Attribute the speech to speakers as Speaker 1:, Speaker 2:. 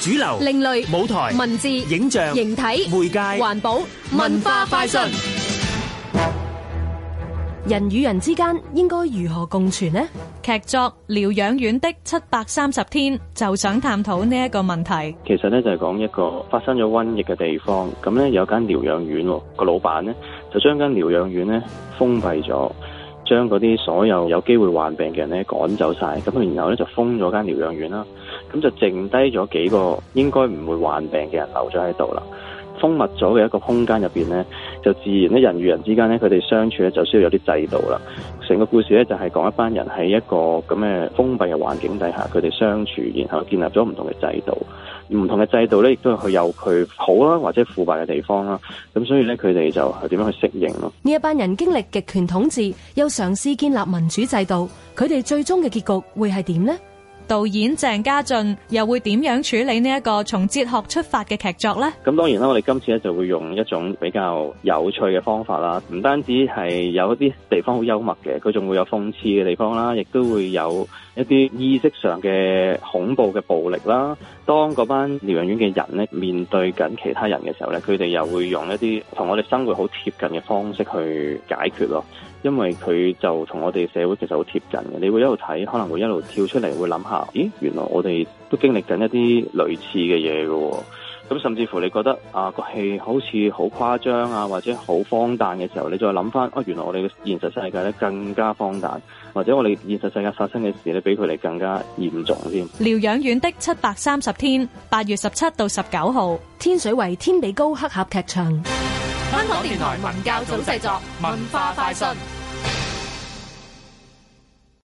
Speaker 1: 主流、另類、舞台、文字、影像、形體、媒介、環保、文
Speaker 2: 化快訊。
Speaker 1: 人與人之間應該如何共存呢？劇作《療養院的七百三十天》就想探討呢一個問題。
Speaker 2: 其實咧就係講一個發生咗瘟疫嘅地方，咁咧有間療養院喎，個老闆咧就將間療養院咧封閉咗，將嗰啲所有有機會患病嘅人咧趕走晒，咁然後咧就封咗間療養院啦。咁就剩低咗幾個應該唔會患病嘅人留咗喺度啦，封密咗嘅一個空間入邊咧，就自然咧人與人之間咧，佢哋相處咧就需要有啲制度啦。成個故事咧就係講一班人喺一個咁嘅封閉嘅環境底下，佢哋相處，然後建立咗唔同嘅制度，唔同嘅制度咧亦都係佢有佢好啦，或者腐敗嘅地方啦。咁所以咧，佢哋就係點樣去適應咯？
Speaker 1: 呢一班人經歷極權統治，又嘗試建立民主制度，佢哋最終嘅結局會係點咧？導演鄭家俊又會點樣處理呢一個從哲學出發嘅劇作呢？
Speaker 2: 咁當然啦，我哋今次咧就會用一種比較有趣嘅方法啦，唔單止係有一啲地方好幽默嘅，佢仲會有諷刺嘅地方啦，亦都會有一啲意識上嘅恐怖嘅暴力啦。當嗰班療養院嘅人咧面對緊其他人嘅時候咧，佢哋又會用一啲同我哋生活好貼近嘅方式去解決咯。因為佢就同我哋社會其實好貼近嘅，你會一路睇，可能會一路跳出嚟，會諗下，咦，原來我哋都經歷緊一啲類似嘅嘢嘅，咁甚至乎你覺得啊個戲好似好誇張啊，或者好荒誕嘅時候，你再諗翻，啊，原來我哋嘅現實世界咧更加荒誕，或者我哋現實世界發生嘅事咧比佢哋更加嚴重添。
Speaker 1: 療養院的七百三十天，八月十七到十九號，天水圍天比高黑盒劇場。香港電台文教組製作文化
Speaker 2: 快訊。